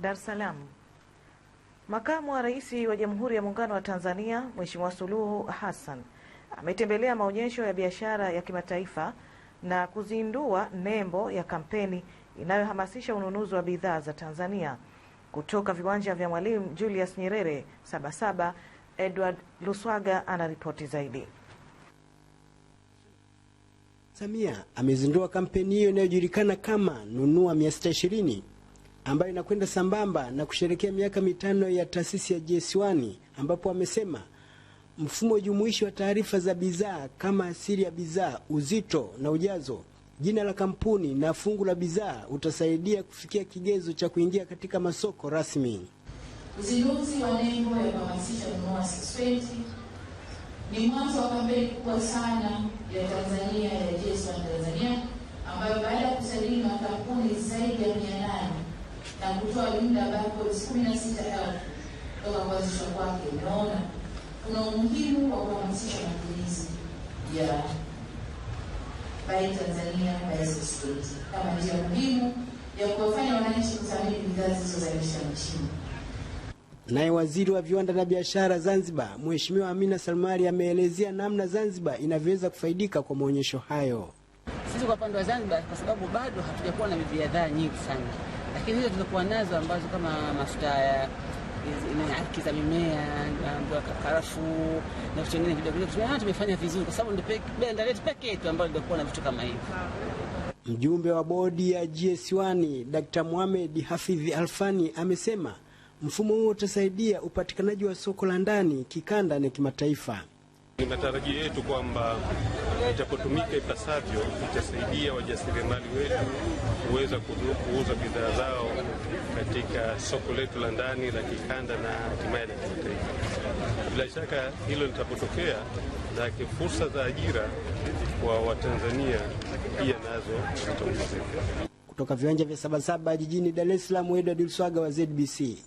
Dar es Salaam. Makamu wa Rais wa Jamhuri ya Muungano wa Tanzania Mheshimiwa Suluhu Hassan ametembelea maonyesho ya biashara ya kimataifa na kuzindua nembo ya kampeni inayohamasisha ununuzi wa bidhaa za Tanzania kutoka viwanja vya Mwalimu Julius Nyerere Sabasaba. Edward Luswaga anaripoti zaidi. Samia amezindua kampeni hiyo inayojulikana kama nunua 620 ambayo inakwenda sambamba na kusherekea miaka mitano ya taasisi ya GS1 ambapo wamesema mfumo jumuishi wa taarifa za bidhaa kama asili ya bidhaa, uzito na ujazo, jina la kampuni na fungu la bidhaa utasaidia kufikia kigezo cha kuingia katika masoko rasmi. Uzinduzi wa nembo ya kuhamasisha ununuzi suspeti ni mwanzo wa kampeni kubwa sana ya Tanzania ya GS1 Tanzania kutoa jumla ya barcodes kumi na sita elfu toka kuanzishwa kwake, unaona kuna umuhimu wa kuhamasisha matumizi ya yeah. Buy Tanzania Buy Subscribe kama njia muhimu ya kuwafanya wananchi kuthamini bidhaa zilizozalishwa nchini. Naye waziri wa viwanda na biashara Zanzibar, Mheshimiwa Amina Salmari ameelezea namna Zanzibar inavyoweza kufaidika kwa maonyesho hayo. Sisi kwa upande wa Zanzibar, kwa sababu bado hatujakuwa na bidhaa nyingi sana lakini hizo tulizokuwa nazo ambazo kama mafuta ya haki za mimea ambayo karafuu na vitu vingine vidogo vidogo tumefanya vizuri, kwa sababu ndio benda letu pekee yetu ambayo lilikuwa na vitu kama hivyo. Mjumbe wa bodi ya GS1 Dr. Mohamed Hafidh Alfani amesema mfumo huo utasaidia upatikanaji wa soko la ndani, kikanda na kimataifa. Ni matarajio yetu kwamba itapotumika ipasavyo itasaidia wajasiriamali wetu kuweza kuuza bidhaa zao katika soko letu la ndani la kikanda na hatimaye la kimataifa. Bila shaka hilo litapotokea, manake fursa za ajira kwa Watanzania pia nazo zitaongezeka. Kutoka viwanja vya Sabasaba jijini Dar es Salaam, Edward Lswaga wa ZBC.